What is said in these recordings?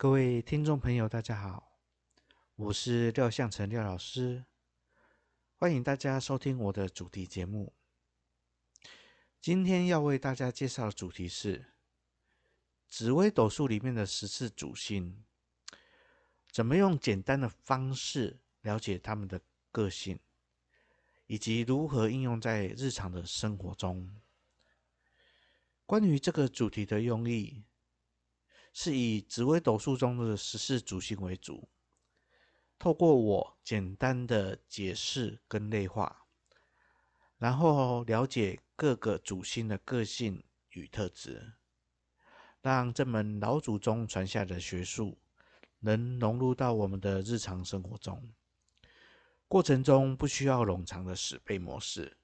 各位聽眾朋友，大家好，我是廖相成廖老師，歡迎大家收聽我的主題節目。今天要為大家介紹的主題是紫微斗數裡面的十四主星，怎麼用簡單的方式了解他們的個性，以及如何應用在日常的生活中。關於這個主題的用意。是以紫微斗數中的十四主星為主，透過我簡單的解釋跟類化，然後了解各個主星的個性與特質，讓這門老祖宗傳下的學術能融入到我們的日常生活中。過程中不需要冗長的死背模式，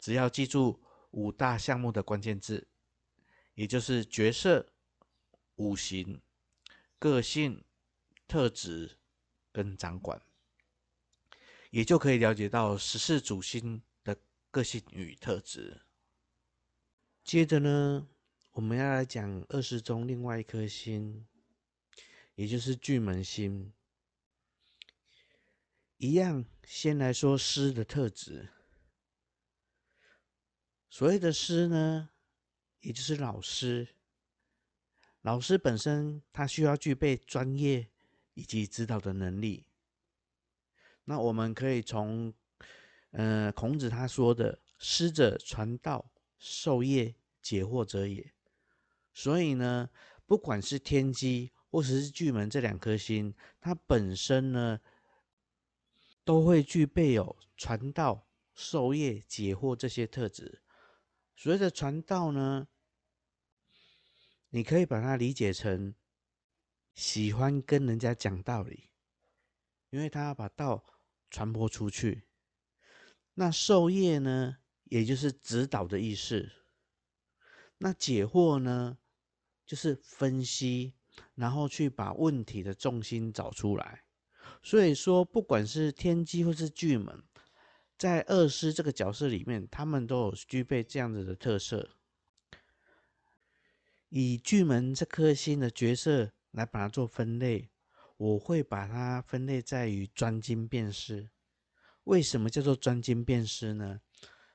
只要記住五大項目的關鍵字，也就是角色。五行、個性、特質跟掌管，也就可以了解到十四主星的個性與特質。接着呢，我們要來講二師中另外一顆星，也就是巨門星。一樣，先來說師的特質。所謂的師呢，也就是老師。老師本身，他需要具備專業以及指導的能力。那我們可以從，呃，孔子他說的“師者，傳道、授業、解惑者也”。所以呢，不管是天機或者是巨門這兩顆星，它本身呢，都會具備有傳道、授業、解惑這些特質。所謂的傳道呢？你可以把它理解成喜歡跟人家講道理，因為他要把道傳播出去。那授業呢，也就是指導的意思。那解惑呢，就是分析，然後去把問題的重心找出來。所以說，不管是天機或是巨門，在二師這個角色裡面，他們都有具備這樣子的特色。以巨門這顆星的角色來把它做分類，我會把它分類在於專精辨識。為什麼叫做專精辨識呢？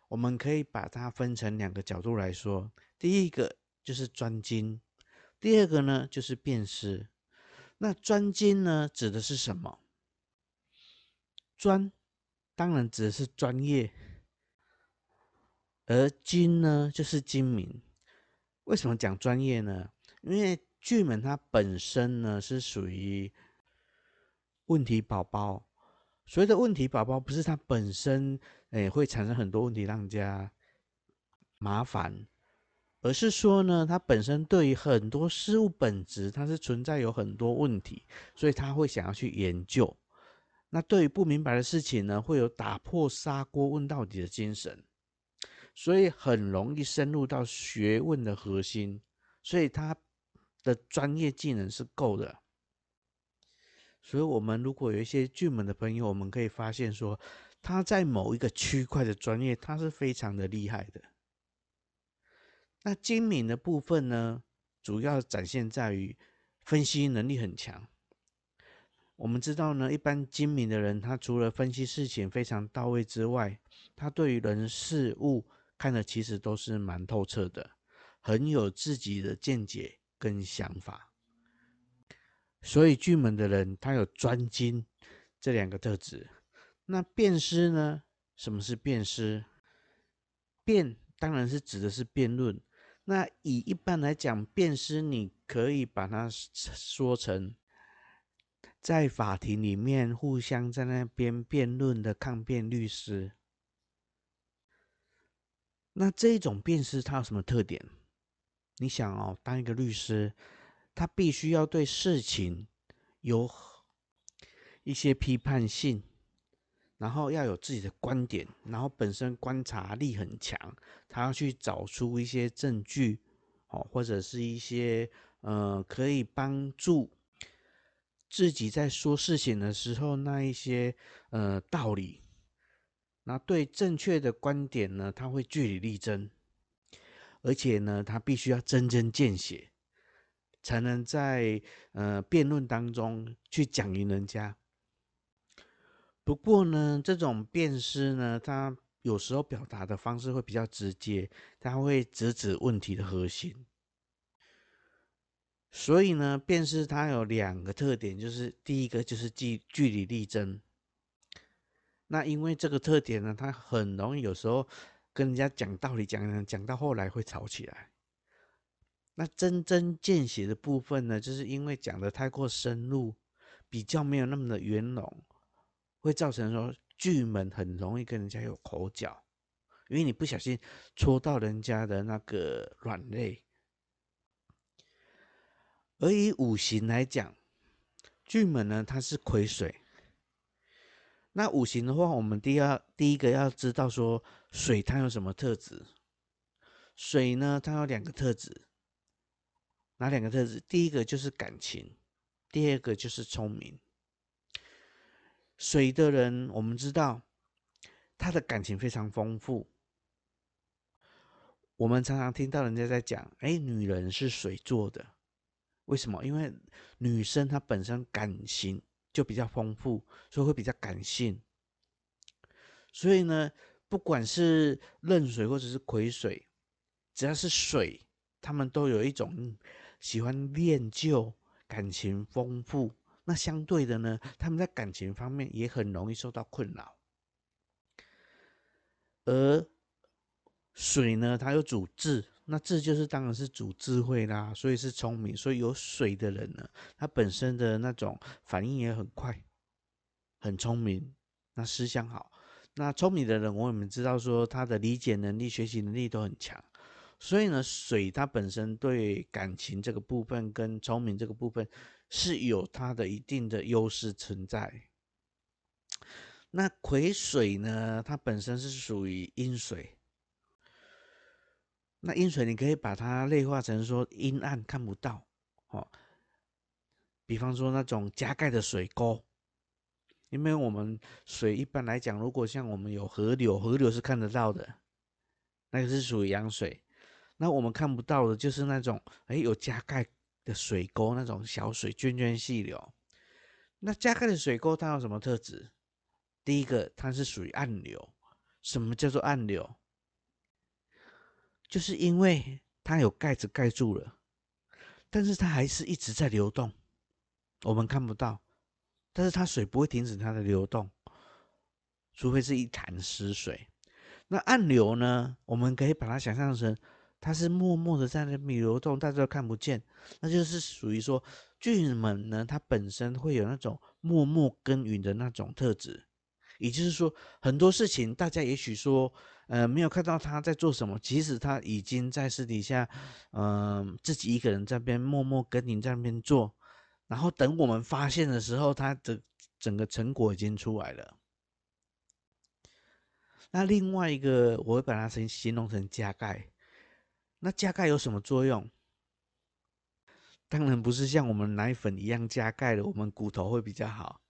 我們可以把它分成兩個角度來說。第一個就是專精，第二個呢就是辨識。那專精呢指的是什麼？專，當然指的是專業，而精呢就是精明。為什麼講專業呢？因為巨門它本身呢是屬於問題寶寶。所謂的“問題寶寶”，不是他本身誒、欸、會產生很多問題讓人家麻煩，而是說呢，他本身對於很多事物本質，他是存在有很多問題，所以他會想要去研究。那對於不明白的事情呢，會有打破砂鍋問到底的精神。所以很容易深入到學問的核心，所以他的專業技能是夠的。所以，我們如果有一些巨門的朋友，我們可以發現說，他在某一個區塊的專業，他是非常的厲害的。那精明的部分呢，主要展現在於分析能力很強。我們知道呢，一般精明的人，他除了分析事情非常到位之外，他對於人事物。看的其實都是蠻透徹的，很有自己的見解跟想法。所以巨門的人，他有專精這兩個特質。那辯師呢？什麼是辯師？辯當然是指的是辯論。那以一般來講，辯師你可以把它說成在法庭裡面互相在那邊辯論的抗辯律師。那這一種辨識它有什麼特點？你想哦，當一個律師，他必須要對事情有一些批判性，然後要有自己的觀點，然後本身觀察力很強，他要去找出一些證據，哦，或者是一些呃可以幫助自己在說事情的時候那一些呃道理。那對正確的觀點呢，他會據理力爭，而且呢，他必須要針針見血，才能在呃辯論當中去講贏人家。不過呢，這種辯師呢，它有時候表達的方式會比較直接，它會直指指問題的核心。所以呢，辯師它有兩個特點，就是第一個就是據據理力爭。那因為這個特點呢，他很容易有時候跟人家講道理，講講到後來會吵起來。那針針見血的部分呢，就是因為講的太過深入，比較沒有那麼的圓融，會造成說巨門很容易跟人家有口角，因為你不小心戳到人家的那個軟肋。而以五行來講，巨門呢，它是癸水。那五行的話，我們第二第一個要知道說水它有什麼特質？水呢，它有兩個特質。哪兩個特質？第一個就是感情，第二個就是聰明。水的人，我們知道他的感情非常豐富。我們常常聽到人家在講，哎，女人是水做的，為什麼？因為女生她本身感情。就比較豐富，所以會比較感性。所以呢，不管是壬水或者是癸水，只要是水，他們都有一種、嗯、喜歡念舊、感情豐富。那相對的呢，他們在感情方面也很容易受到困擾。而水呢，它有主智。那智就是當然是主智慧啦，所以是聰明，所以有水的人呢，他本身的那種反應也很快，很聰明，那思想好。那聰明的人，我們知道說他的理解能力、學習能力都很強，所以呢，水它本身對感情這個部分跟聰明這個部分是有它的一定的優勢存在。那癸水呢，它本身是屬於陰水。那陰水，你可以把它類化成說陰暗看不到，哦，比方說那種加蓋的水溝，因為我們水一般來講，如果像我們有河流，河流是看得到的，那個是屬於陽水。那我們看不到的，就是那種哎、欸、有加蓋的水溝，那種小水涓涓細流。那加蓋的水溝它有什麼特質？第一個，它是屬於暗流。什麼叫做暗流？就是因為它有蓋子蓋住了，但是它還是一直在流動，我們看不到，但是它水不會停止它的流動，除非是一潭死水。那暗流呢？我們可以把它想象成，它是默默的在那裡流動，大家都看不見，那就是屬於說，巨門呢，它本身會有那種默默耕耘的那種特質。也就是說，很多事情大家也許說，呃，沒有看到他在做什麼，即使他已經在私底下，嗯、呃，自己一個人在那邊默默跟您在那邊做，然後等我們發現的時候，他的整個成果已經出來了。那另外一個，我會把它形形容成加鈣。那加鈣有什麼作用？當然不是像我們奶粉一樣加鈣的，我們骨頭會比較好。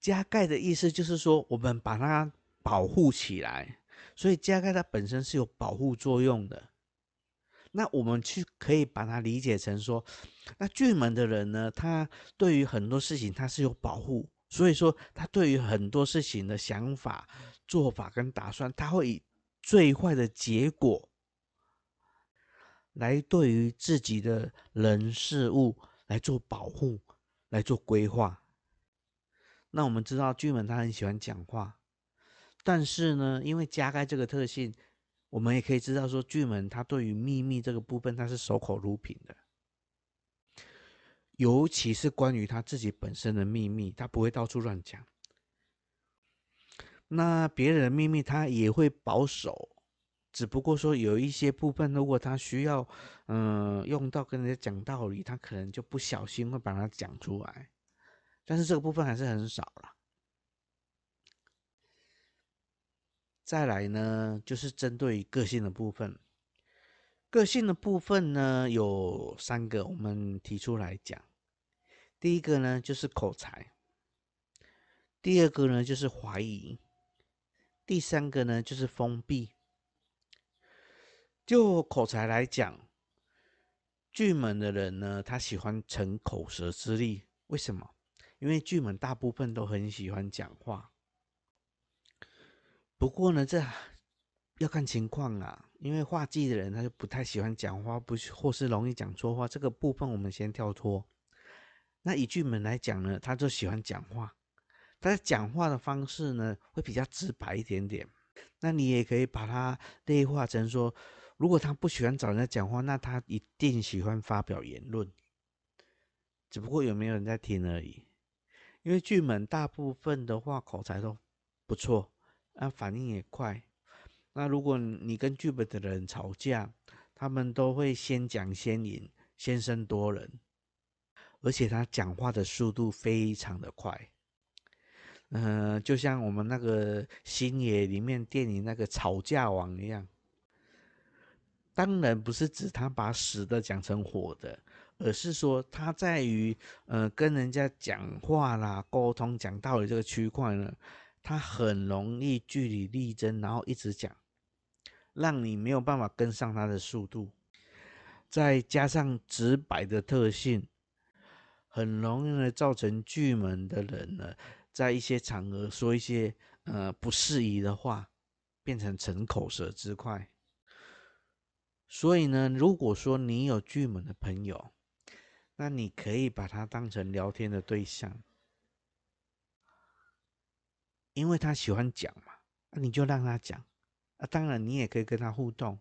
加蓋的意思就是說，我們把它保護起來，所以加蓋它本身是有保護作用的。那我們去可以把它理解成說，那巨門的人呢，他對於很多事情他是有保護，所以說他對於很多事情的想法、做法跟打算，他會以最壞的結果來對於自己的人事物來做保護、來做規劃。那我們知道巨門他很喜歡講話，但是呢，因為加蓋這個特性，我們也可以知道說巨門他對於秘密這個部分他是守口如瓶的，尤其是關於他自己本身的秘密，他不會到處亂講。那別人的秘密他也會保守，只不過說有一些部分，如果他需要，嗯、呃，用到跟人家講道理，他可能就不小心會把它講出來。但是這個部分還是很少了。再來呢，就是針對個性的部分。個性的部分呢，有三個，我們提出來講。第一個呢，就是口才。第二個呢，就是懷疑。第三個呢，就是封閉。就口才來講，巨門的人呢，他喜歡逞口舌之力，為什麼？因為巨門大部分都很喜歡講話，不過呢，這要看情況啊。因為化忌的人他就不太喜歡講話，不是或是容易講錯話。這個部分我們先跳脫。那以巨門來講呢，他就喜歡講話，但是講話的方式呢，會比較直白一點點。那你也可以把它類化成說，如果他不喜歡找人家講話，那他一定喜歡發表言論，只不過有沒有人在聽而已。因為巨門大部分的話口才都不錯，那、啊、反應也快。那如果你跟巨門的人吵架，他們都會先講先贏，先聲奪人，而且他講話的速度非常的快。嗯、呃，就像我們那個星爺裡面電影那個吵架王一樣。當然不是指他把死的講成活的。而是說，他在於，呃，跟人家講話啦、溝通、講道理這個區塊呢，他很容易據理力爭，然後一直講，讓你沒有辦法跟上他的速度。再加上直白的特性，很容易呢造成巨門的人呢，在一些場合說一些呃不適宜的話，變成逞口舌之快。所以呢，如果說你有巨門的朋友，那你可以把他當成聊天的對象，因為他喜歡講嘛，那你就讓他講。啊，當然你也可以跟他互動。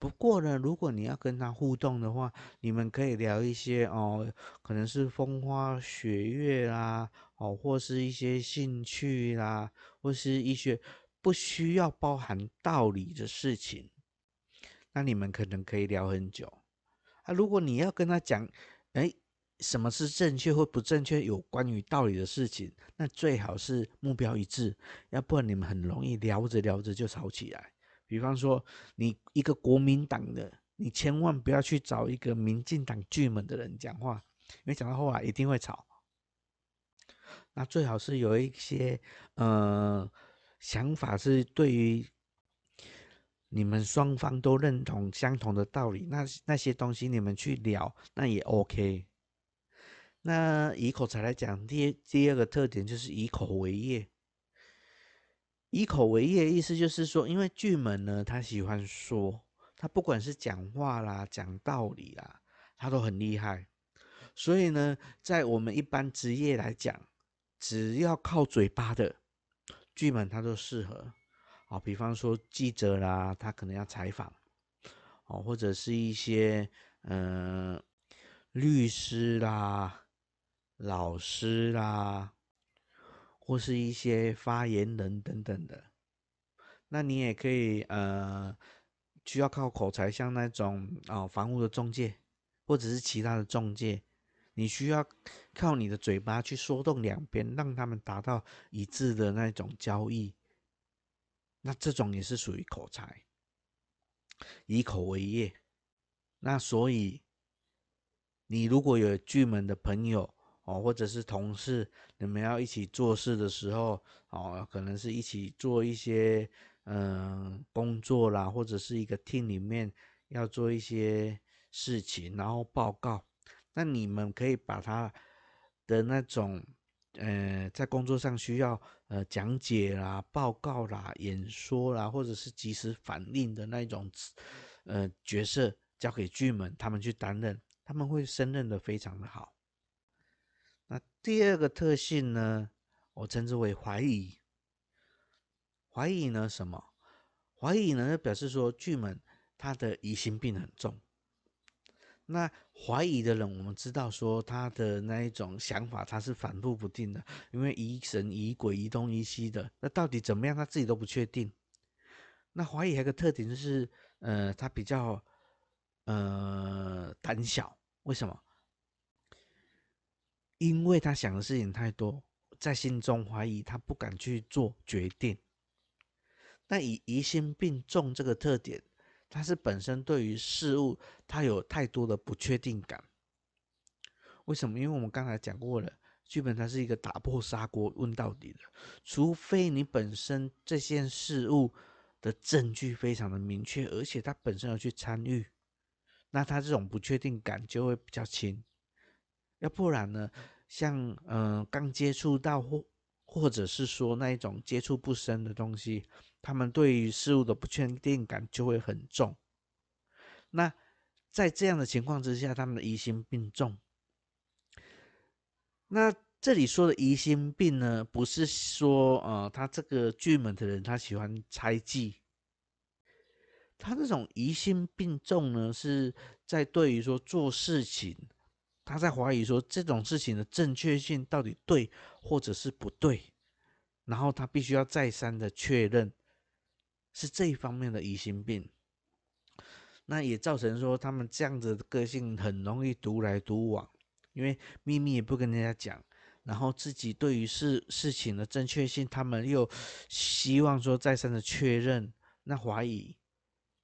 不過呢，如果你要跟他互動的話，你們可以聊一些哦，可能是風花雪月啦、啊，哦，或是一些興趣啦、啊，或是一些不需要包含道理的事情，那你們可能可以聊很久。啊，如果你要跟他講，哎，什麼是正確或不正確？有關於道理的事情，那最好是目標一致，要不然你們很容易聊着聊着就吵起來。比方說，你一個國民黨的，你千萬不要去找一個民進黨巨門的人講話，因為講到後來一定會吵。那最好是有一些呃想法是對於。你們雙方都認同相同的道理，那那些東西你們去聊，那也 OK。那以口才來講，第二第二個特點就是以口為業。以口為業意思就是說，因為巨門呢，他喜歡說，他不管是講話啦、講道理啦，他都很厲害。所以呢，在我們一般職業來講，只要靠嘴巴的巨門，他都適合。啊，比方說記者啦，他可能要採訪，哦，或者是一些嗯、呃、律師啦、老師啦，或是一些發言人等等的。那你也可以呃，需要靠口才，像那種啊、呃、房屋的中介或者是其他的中介，你需要靠你的嘴巴去說動兩邊，讓他們達到一致的那種交易。那這種也是屬於口才，以口為業。那所以，你如果有巨門的朋友哦，或者是同事，你們要一起做事的時候哦，可能是一起做一些嗯工作啦，或者是一個廳裡面要做一些事情，然後報告，那你們可以把他的那種。呃，在工作上需要呃講解啦、報告啦、演說啦，或者是即時反應的那一種呃角色，交給巨門他們去擔任，他們會勝任的非常的好。那第二個特性呢，我稱之為懷疑。懷疑呢什麼？懷疑呢表示說巨門他的疑心病很重。那懷疑的人，我們知道說他的那一種想法，他是反覆不定的，因為疑神疑鬼，疑東疑西的。那到底怎麼樣，他自己都不確定。那懷疑還有一個特點就是，呃，他比較，呃，膽小，為什麼？因為他想的事情太多，在心中懷疑，他不敢去做決定。那以疑心病重這個特點。它是本身對於事物，它有太多的不確定感。為什麼？因為我們剛才講過了，巨門它是一個打破砂鍋問到底的，除非你本身這件事物的證據非常的明確，而且它本身要去參與，那它這種不確定感就會比較輕。要不然呢，像嗯、呃、剛接觸到或或者是說那一種接觸不深的東西。他們對於事物的不確定感就會很重。那在這樣的情況之下，他們的疑心病重。那這裡說的疑心病呢，不是說呃，他這個巨門的人他喜歡猜忌，他這種疑心病重呢，是在對於說做事情，他在懷疑說這種事情的正確性到底對或者是不對，然後他必須要再三的確認。是這一方面的疑心病，那也造成說他們這樣子的個性很容易獨來獨往，因為秘密也不跟人家講，然後自己對於事事情的正確性，他們又希望說再三的確認，那懷疑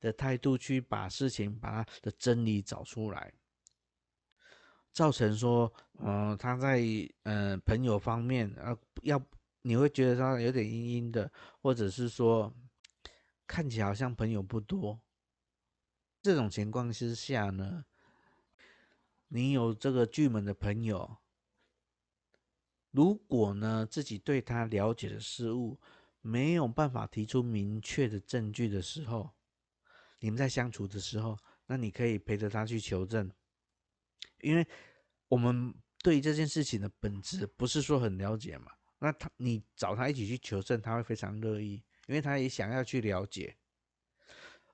的態度去把事情把他的真理找出來，造成說，嗯、呃，他在嗯、呃，朋友方面，啊、要你會覺得他有點陰陰的，或者是說。看起來好像朋友不多。這種情況之下呢，你有這個巨門的朋友，如果呢自己對他了解的事物沒有辦法提出明確的證據的時候，你們在相處的時候，那你可以陪着他去求證，因為我們對這件事情的本質不是說很了解嘛，那他你找他一起去求證，他會非常樂意。因為他也想要去了解，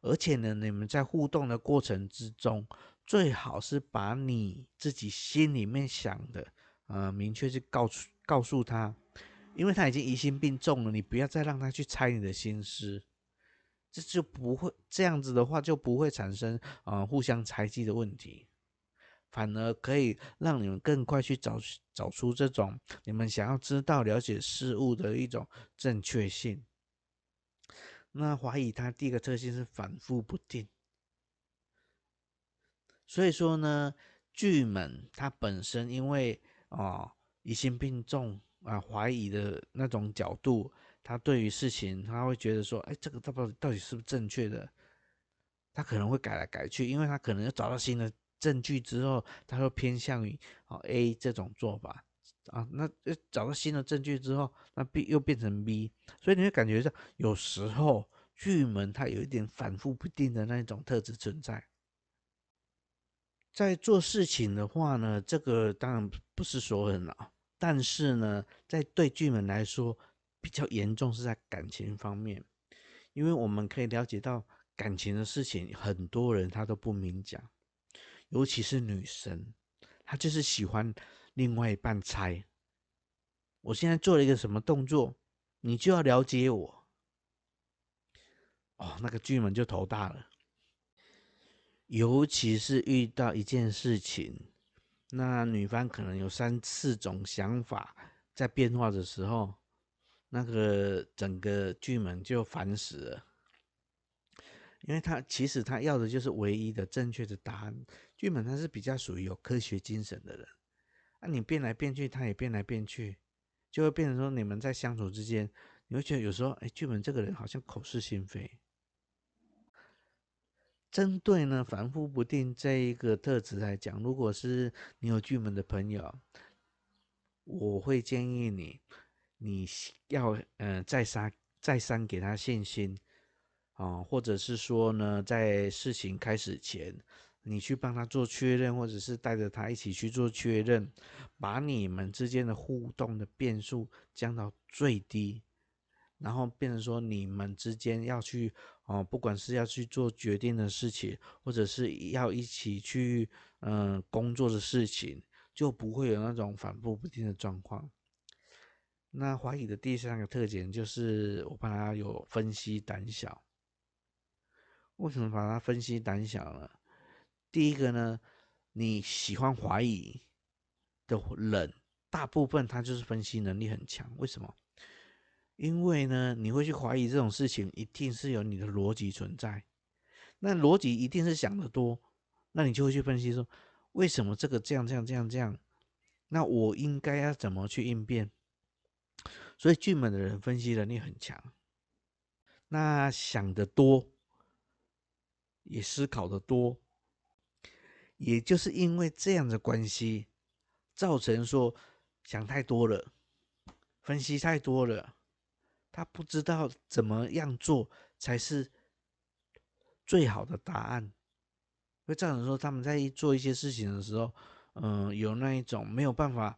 而且呢，你們在互動的過程之中，最好是把你自己心裡面想的，呃，明確去告訴告訴他，因為他已經疑心病重了，你不要再讓他去猜你的心思，這就不會這樣子的話，就不會產生啊、呃、互相猜忌的問題，反而可以讓你們更快去找找出這種你們想要知道了解事物的一種正確性。那懷疑他第一個特性是反覆不定，所以說呢，巨門他本身因為啊疑心病重啊，懷疑的那種角度，他對於事情他會覺得說，哎，這個到到到底是不是正確的？他可能會改來改去，因為他可能要找到新的證據之後，他會偏向於啊 A 這種做法。啊，那又找到新的證據之後，那 B 又變成 V，所以你會感覺到有時候巨門它有一點反復不定的那一種特質存在。在做事情的話呢，這個當然不是所有人了啊，但是呢，在對巨門來說比較嚴重是在感情方面，因為我們可以了解到感情的事情，很多人他都不明講，尤其是女生，她就是喜歡。另外一半猜，我現在做了一個什麼動作？你就要了解我。哦，那個巨門就頭大了。尤其是遇到一件事情，那女方可能有三四種想法在變化的時候，那個整個巨門就煩死了。因為他其實他要的就是唯一的正確的答案。巨門他是比較屬於有科學精神的人。那、啊、你變來變去，他也變來變去，就會變成說你們在相處之間，你會覺得有時候，哎、欸，巨門這個人好像口是心非。針對呢反覆不定這一個特質來講，如果是你有巨門的朋友，我會建議你，你要呃再三再三給他信心啊、哦，或者是說呢在事情開始前。你去幫他做確認，或者是帶着他一起去做確認，把你們之間的互動的變數降到最低，然後變成說你們之間要去哦，不管是要去做決定的事情，或者是要一起去嗯工作的事情，就不會有那種反複不定的狀況。那懷疑的第三個特點就是我幫他有分析膽小，為什麼把它分析膽小呢？第一個呢，你喜歡懷疑的人，大部分他就是分析能力很強。為什麼？因為呢，你會去懷疑這種事情，一定是有你的邏輯存在。那邏輯一定是想得多，那你就會去分析說，為什麼這個這樣這樣這樣這樣？那我應該要怎麼去應變？所以巨門的人分析能力很強，那想得多，也思考得多。也就是因為這樣的關係，造成說想太多了，分析太多了，他不知道怎麼樣做才是最好的答案，會造成說他們在做一些事情的時候，嗯、呃，有那一種沒有辦法，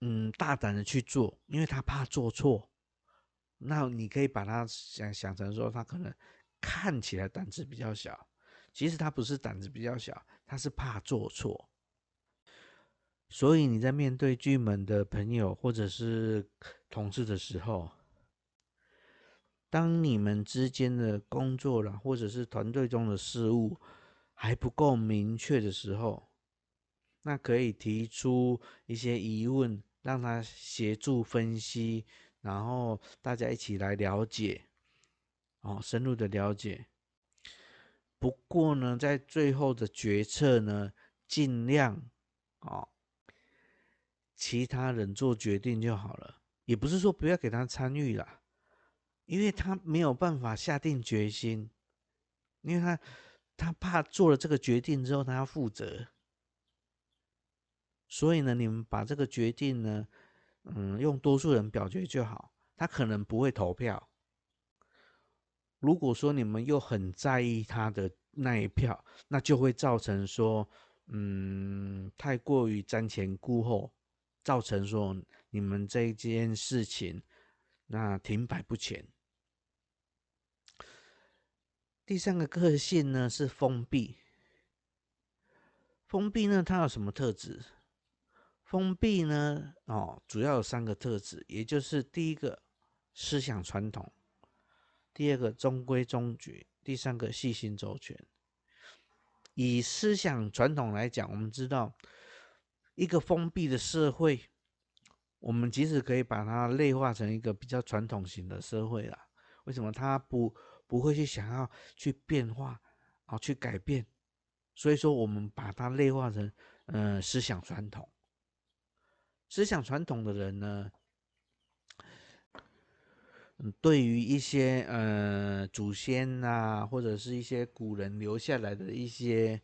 嗯，大膽的去做，因為他怕做錯。那你可以把他想想成說，他可能看起來膽子比較小。其實他不是膽子比較小，他是怕做錯。所以你在面對巨門的朋友或者是同事的時候，當你們之間的工作啦，或者是團隊中的事務還不夠明確的時候，那可以提出一些疑問，讓他協助分析，然後大家一起來了解，哦，深入的了解。不過呢，在最後的決策呢，盡量哦，其他人做決定就好了。也不是說不要給他參與啦，因為他沒有辦法下定決心，因為他他怕做了這個決定之後他要負責。所以呢，你們把這個決定呢，嗯，用多數人表決就好。他可能不會投票。如果說你們又很在意他的那一票，那就會造成說，嗯，太過於瞻前顧後，造成說你們這件事情那停擺不前。第三個個性呢是封閉，封閉呢它，有什麼特質？封閉呢哦，主要有三個特質，也就是第一個思想傳統。第二個中規中矩，第三個細心周全。以思想傳統來講，我們知道一個封閉的社會，我們即使可以把它類化成一個比較傳統型的社會啦。為什麼它不不會去想要去變化，然、啊、去改變？所以說，我們把它類化成嗯、呃、思想傳統。思想傳統的人呢，對於一些呃祖先吶、啊，或者是一些古人留下來的一些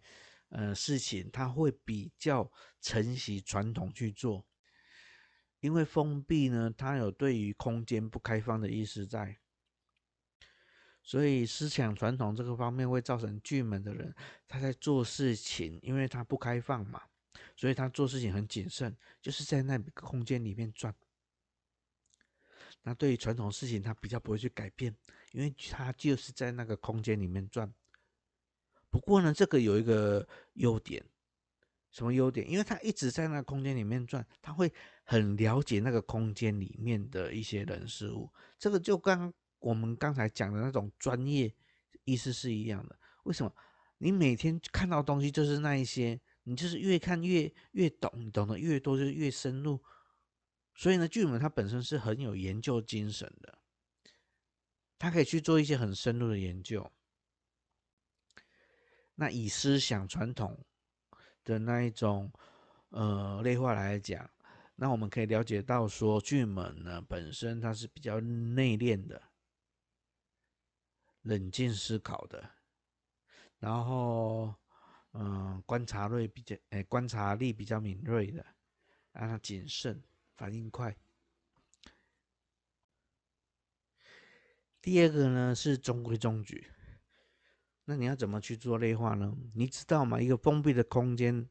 呃事情，他會比較承襲傳統去做。因為封閉呢，它有對於空間不開放的意思在，所以思想傳統這個方面會造成巨門的人他在做事情，因為他不開放嘛，所以他做事情很謹慎，就是在那個空間裡面轉。那對於傳統事情，他比較不會去改變，因為他就是在那個空間裡面轉。不過呢，這個有一個優點，什麼優點？因為他一直在那個空間裡面轉，他會很了解那個空間裡面的一些人事物。這個就跟我們剛才講的那種專業意思是一樣的。為什麼？你每天看到東西就是那一些，你就是越看越越懂，你懂得越多就越深入。所以呢，巨門它本身是很有研究精神的，他可以去做一些很深入的研究。那以思想傳統的那一種，呃，類化來講，那我們可以了解到說，巨門呢本身他是比較內斂的，冷靜思考的，然後，嗯，觀察類比較，欸，觀察力比較敏銳的，讓他謹慎，反應快，第二個呢是中規中矩。那你要怎麼去做類化呢？你知道嗎？一個封閉的空間，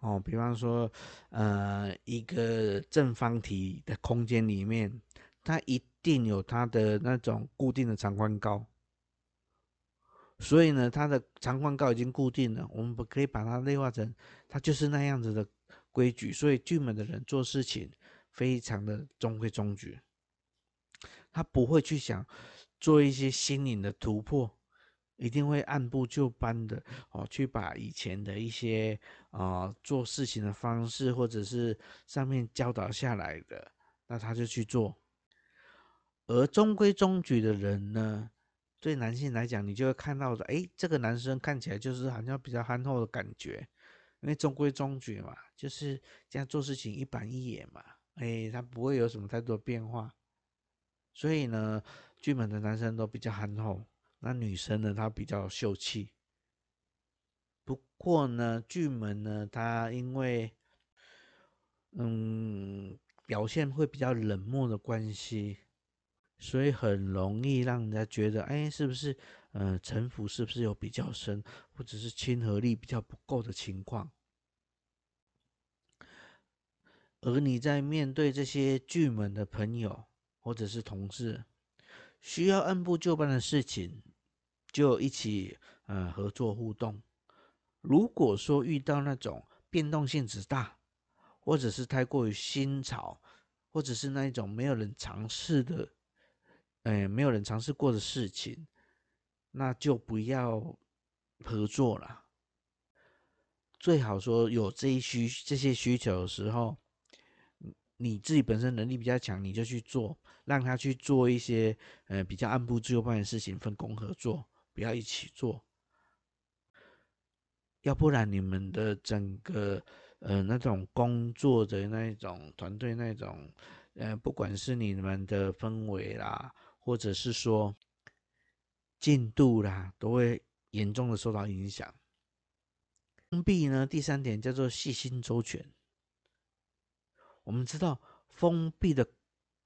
哦，比方說，呃，一個正方體的空間裡面，它一定有它的那種固定的長寬高，所以呢，它的長寬高已經固定了，我們不可以把它類化成它就是那樣子的規矩。所以巨門的人做事情。非常的中規中矩，他不會去想做一些新穎的突破，一定會按部就班的，哦，去把以前的一些啊、哦、做事情的方式，或者是上面教導下來的，那他就去做。而中規中矩的人呢，對男性來講，你就會看到的，哎，這個男生看起來就是好像比較憨厚的感覺，因為中規中矩嘛，就是這樣做事情一板一眼嘛。哎、欸，他不會有什麼太多變化，所以呢，巨門的男生都比較憨厚，那女生呢，她比較秀氣。不過呢，巨門呢，他因為，嗯，表現會比較冷漠的關係，所以很容易讓人家覺得，哎、欸，是不是，呃，城府是不是有比較深，或者是親和力比較不夠的情況。而你在面對這些巨門的朋友或者是同事，需要按部就班的事情，就一起呃合作互動。如果說遇到那種變動性質大，或者是太過於新潮，或者是那一種沒有人嘗試的，哎、呃，沒有人嘗試過的事情，那就不要合作了。最好說有這一需這些需求的時候。你自己本身能力比較強，你就去做，讓他去做一些呃比較按部就班的事情，分工合作，不要一起做，要不然你們的整個呃那種工作的那一種團隊那種，呃不管是你們的氛圍啦，或者是說進度啦，都會嚴重的受到影響。封閉呢，第三點叫做細心周全。我們知道封閉的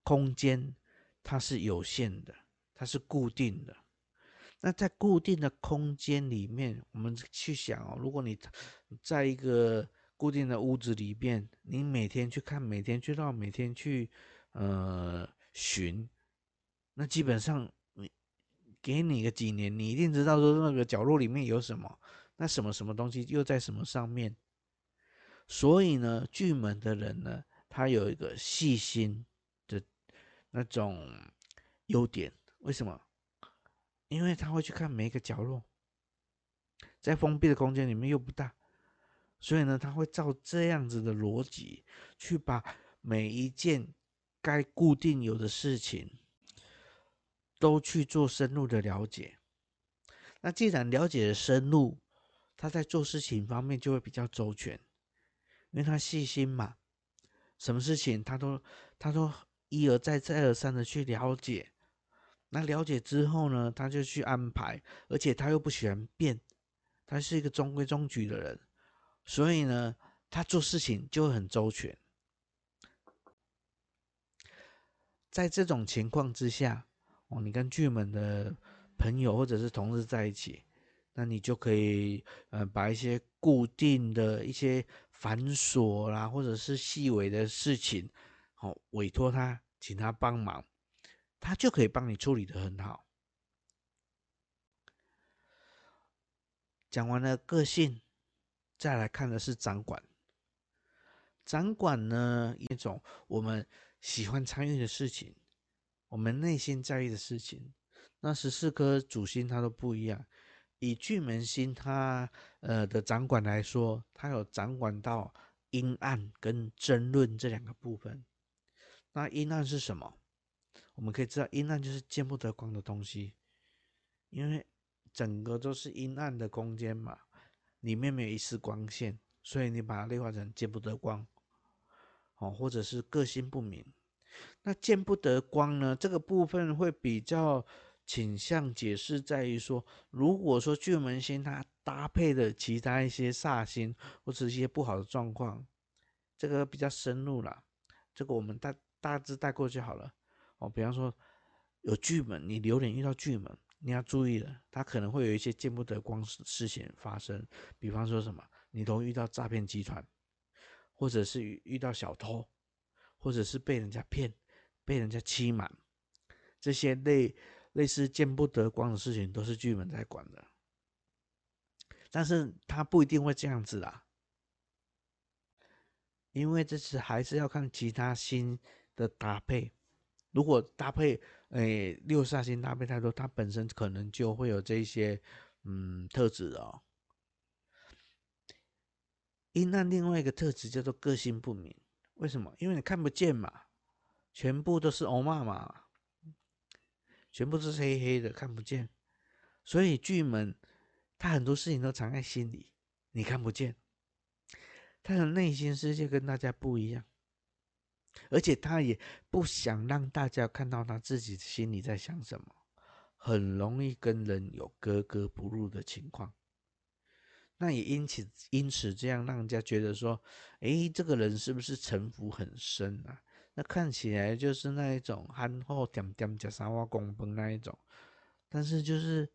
空間，它是有限的，它是固定的。那在固定的空間裡面，我們去想哦，如果你在一個固定的屋子裡面，你每天去看，每天去到，每天去呃尋，那基本上你給你個幾年，你一定知道說那個角落裡面有什麼，那什麼什麼東西又在什麼上面。所以呢，巨門的人呢。他有一個細心的那種優點。為什麼？因為他會去看每一個角落，在封閉的空間裡面又不大，所以呢，他會照這樣子的邏輯去把每一件該固定有的事情都去做深入的了解。那既然了解的深入，他在做事情方面就會比較周全，因為他細心嘛。什麼事情，他都，他都一而再、再而三的去了解。那了解之後呢，他就去安排，而且他又不喜歡變，他是一個中規中矩的人，所以呢，他做事情就會很周全。在這種情況之下，哦，你跟巨門的朋友或者是同事在一起，那你就可以，呃，把一些固定的一些。繁瑣啦，或者是細微的事情，哦，委託他，請他幫忙，他就可以幫你處理得很好。講完了個性，再來看的是掌管。掌管呢，一種我們喜歡參與的事情，我們內心在意的事情。那十四顆主星它都不一樣。以巨門星它呃、的掌管來說，它有掌管到陰暗跟爭論這兩個部分。那陰暗是什麼？我們可以知道，陰暗就是見不得光的東西，因為整個都是陰暗的空間嘛，裡面沒有一絲光線，所以你把它類化成見不得光哦，或者是個性不明。那見不得光呢？這個部分會比較。傾向解釋在於說，如果說巨門星它搭配的其他一些煞星或者一些不好的狀況，這個比較深入了，這個我們大大致帶過就好了。哦，比方說有巨門，你留點遇到巨門，你要注意了，它可能會有一些見不得光事情發生。比方說什麼，你都遇到詐騙集團，或者是遇到小偷，或者是被人家騙、被人家欺瞞，這些類。類似見不得光的事情都是巨門在管的，但是他不一定會這樣子啦，因為這次還是要看其他星的搭配。如果搭配，誒、欸，六煞星，搭配太多，它本身可能就會有這些，嗯，特質哦、喔。因那另外一個特質叫做個性不明，為什麼？因為你看不見嘛，全部都是歐媽嘛。全部都是黑黑的，看不見。所以巨門，他很多事情都藏在心裡，你看不見。他的內心世界跟大家不一樣，而且他也不想讓大家看到他自己心裡在想什麼，很容易跟人有格格不入的情況。那也因此，因此這樣讓人家覺得說，誒，這個人是不是城府很深啊？那看起來就是那一種憨厚，點點加三瓦公崩那一種，但是就是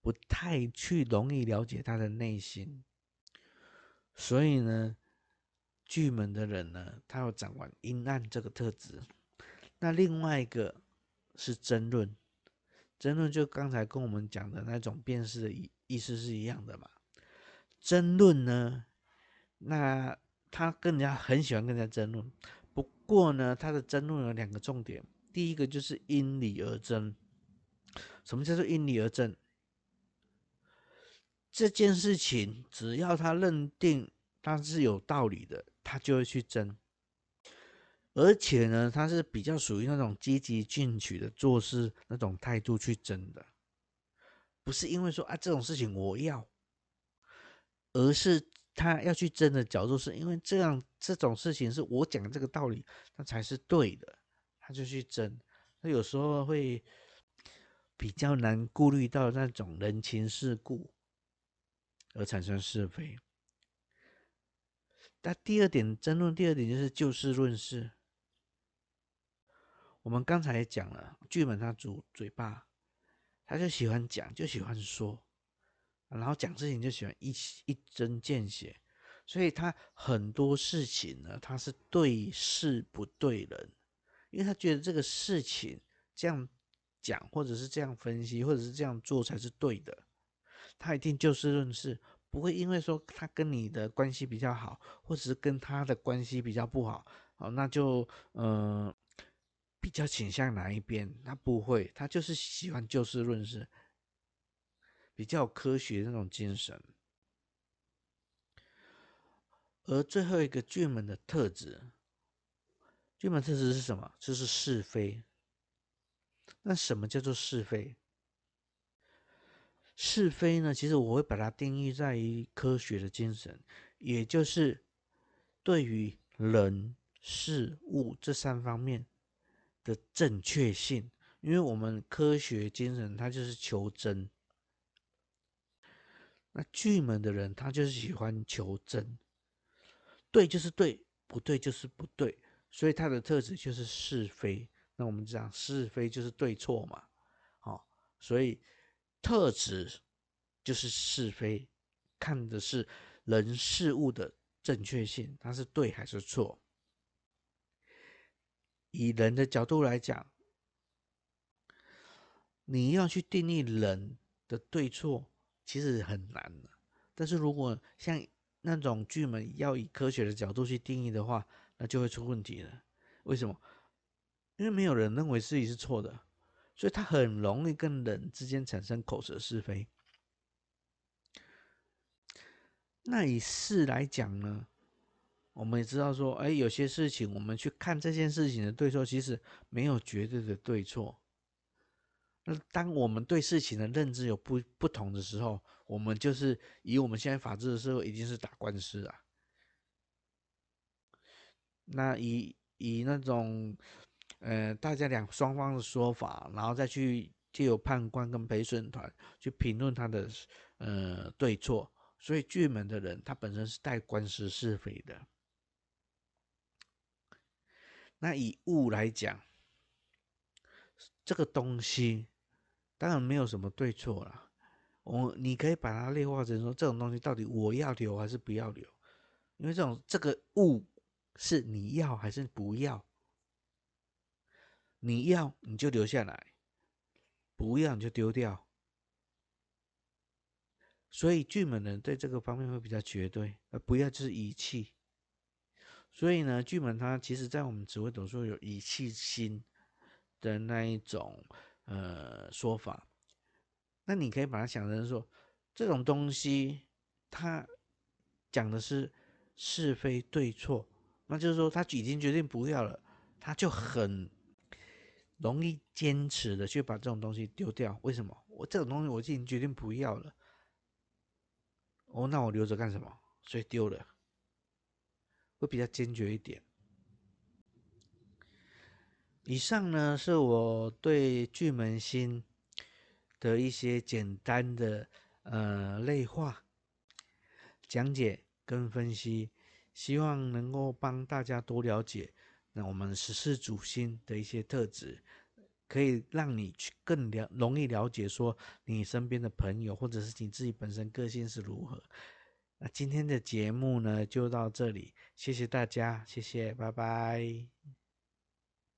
不太去容易了解他的內心。所以呢，巨門的人呢，他有掌管陰暗這個特質。那另外一個是爭論，爭論就剛才跟我們講的那種辯士的意意思是一樣的嘛。爭論呢，那他更加很喜歡跟人家爭論。不過呢，他的爭論有兩個重點，第一個就是因理而爭。什麼叫做因理而爭？這件事情只要他認定他是有道理的，他就會去爭。而且呢，他是比較屬於那種積極進取的做事那種態度去爭的，不是因為說啊，這種事情我要，而是。他要去爭的角度，是因為這樣這種事情是我講的這個道理，那才是對的。他就去爭，他有時候會比較難顧慮到那種人情世故，而產生是非。那第二點爭論，第二點就是就事論事。我們剛才也講了，巨門他主嘴巴，他就喜歡講，就喜歡說。然後講事情就喜歡一一針見血，所以他很多事情呢，他是對事不對人，因為他覺得這個事情這樣講，或者是這樣分析，或者是這樣做才是對的，他一定就事論事，不會因為說他跟你的關係比較好，或者是跟他的關係比較不好，哦，那就嗯、呃、比較傾向哪一邊，他不會，他就是喜歡就事論事。比較科學的那種精神，而最後一個巨門的特質，巨門特質是什麼？就是是非。那什麼叫做是非？是非呢，其實我會把它定義在於科學的精神，也就是對於人、事、物這三方面的正確性，因為我們科學精神它就是求真。那巨門的人，他就是喜歡求真，對就是對，不對就是不對，所以他的特質就是是非。那我們講是非就是對錯嘛，好、哦，所以特質就是是非，看的是人事物的正確性，它是對還是錯？以人的角度來講，你要去定義人的對錯。其實很難的，但是如果像那種巨門要以科學的角度去定義的話，那就會出問題了。為什麼？因為沒有人認為自己是錯的，所以他很容易跟人之間產生口舌是非。那以事來講呢，我們也知道說，哎，有些事情我們去看這件事情的對錯，其實沒有絕對的對錯。那當我們對事情的認知有不不同的時候，我們就是以我們現在法治的社會一定是打官司啊。那以以那種，呃，大家兩雙方的說法，然後再去就有判官跟陪審團去評論他的呃對錯。所以巨門的人他本身是帶官司是非的。那以物來講，這個東西。當然沒有什麼對錯啦，我你可以把它類化成說，這種東西到底我要留還是不要留？因為這種這個物是你要還是不要？你要你就留下來，不要你就丟掉。所以巨門呢，人對這個方面會比較絕對，而不要就是遺棄。所以呢，巨門它其實在我們紫微斗數有遺棄心的那一種。呃，說法，那你可以把它想成說，這種東西，它講的是是非對錯，那就是說他已經決定不要了，他就很容易堅持的去把這種東西丟掉。為什麼？我這種東西我已經決定不要了，哦，那我留着幹什麼？所以丟了，會比較堅決一點。以上呢，是我對巨門星的一些簡單的呃類化講解跟分析，希望能夠幫大家多了解那我們十四主星的一些特質，可以讓你去更了容易了解說你身邊的朋友或者是你自己本身個性是如何。那今天的節目呢就到這裡，謝謝大家，謝謝，拜拜。